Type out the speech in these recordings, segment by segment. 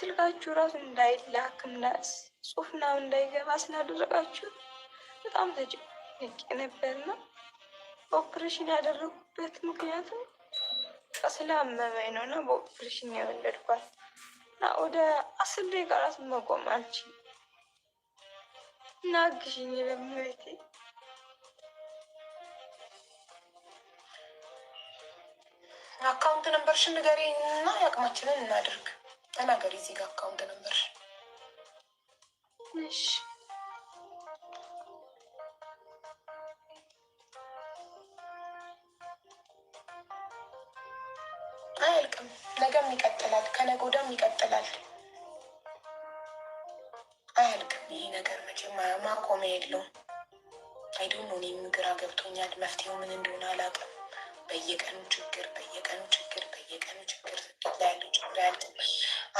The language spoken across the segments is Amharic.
ስልካችሁ ራሱ እንዳይላክና ጽሁፍ ምናምን እንዳይገባ ስላደረጋችሁ በጣም ተጨንቄ ነበርና በኦፕሬሽን ያደረጉበት ምክንያቱም ስላመመኝ ነው እና በኦፕሬሽን የወለድኳት እና ወደ አስር ደቂቃ ራሱ መቆም አልችልም እና አግዥኝ ለምቤቴ አካውንት ነበርሽን ንገሪኝ እና የአቅማችንን እናድርግ ተናገሪ። እዚህ ጋር አካውንት ነበር። እሺ አያልቅም። ነገም ይቀጥላል፣ ከነገ ወዲያም ይቀጥላል። አያልቅም ይህ ነገር መቼም ማቆሚያ የለውም። አይዶን ነው። እኔም ገብቶኛል። መፍትሄው ምን እንደሆነ አላውቅም። በየቀኑ ችግር በየቀኑ ችግር በየቀኑ ችግር ያሉ ችግር ያለ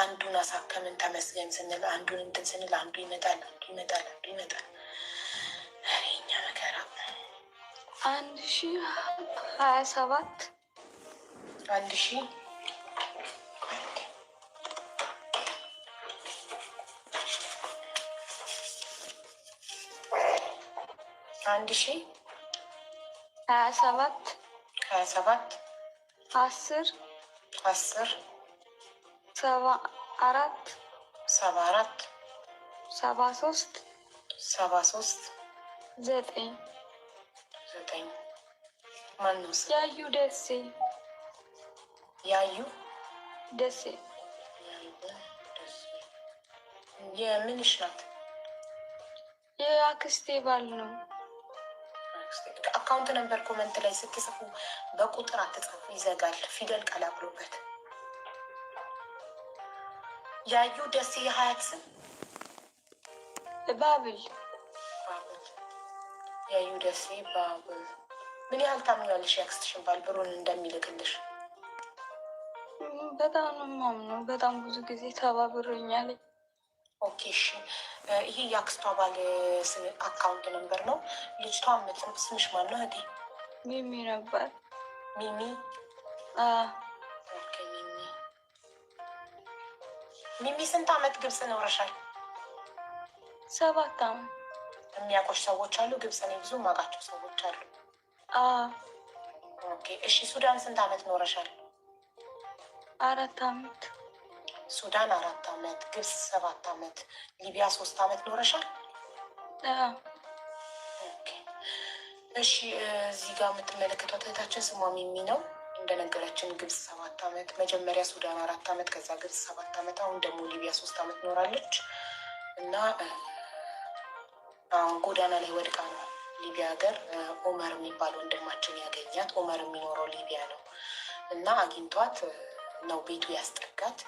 አንዱን አሳከምን ተመስገን ስንል አንዱን እንትን ስንል አንዱ ይመጣል አንዱ ይመጣል አንዱ ይመጣል። እኛ መከራ አንድ ሺ ሀያ ሰባት አንድ ሺ አንድ ሺ ሀያ ሰባት ሀያ ሰባት አስር አስር ሰባ አራት ሰባ አራት ሰባ ሶስት ሰባ ሶስት ዘጠኝ ዘጠኝ ማነው? ያዩ ደሴ ያዩ ደሴ የምንሽ ናት? የአክስቴ ባል ነው። አካውንት ነበር ኮመንት ላይ ስትጽፉ በቁጥር አትጽፉ፣ ይዘጋል። ፊደል ቀላቅሎበት ያዩ ደሴ የሀያት ስም ባብል ያዩ ደሴ ባብል። ምን ያህል ታምኛለሽ ያክስትሽን ባል ብሩን እንደሚልክልሽ? በጣም ነው የማምነው። በጣም ብዙ ጊዜ ተባብሮኛል። ኦኬ እሺ፣ ይሄ የአክስቷ ባል አካውንት ነምበር ነው። ልጅቷ ምትም ስምሽ ማን ነው እህቴ? ሚሚ ነበር። ሚሚ ሚሚ ሚሚ። ስንት አመት ግብጽ ኖረሻል? ሰባት አመት። የሚያውቁሽ ሰዎች አሉ ግብጽ? እኔ ብዙ የማውቃቸው ሰዎች አሉ። እሺ። ሱዳን ስንት አመት ኖረሻል? አራት አመት ሱዳን አራት ዓመት ግብፅ ሰባት ዓመት ሊቢያ ሶስት ዓመት ኖረሻል። እሺ እዚህ ጋር የምትመለከቷት እህታችን ስሟ ሚሚ ነው። እንደነገረችን ግብፅ ሰባት ዓመት መጀመሪያ ሱዳን አራት ዓመት ከዛ ግብፅ ሰባት ዓመት አሁን ደግሞ ሊቢያ ሶስት ዓመት ኖራለች እና አሁን ጎዳና ላይ ወድቃ ነው ሊቢያ ሀገር ኦመር የሚባል ወንድማችን ያገኛት። ኦመር የሚኖረው ሊቢያ ነው እና አግኝቷት ነው ቤቱ ያስጠጋት።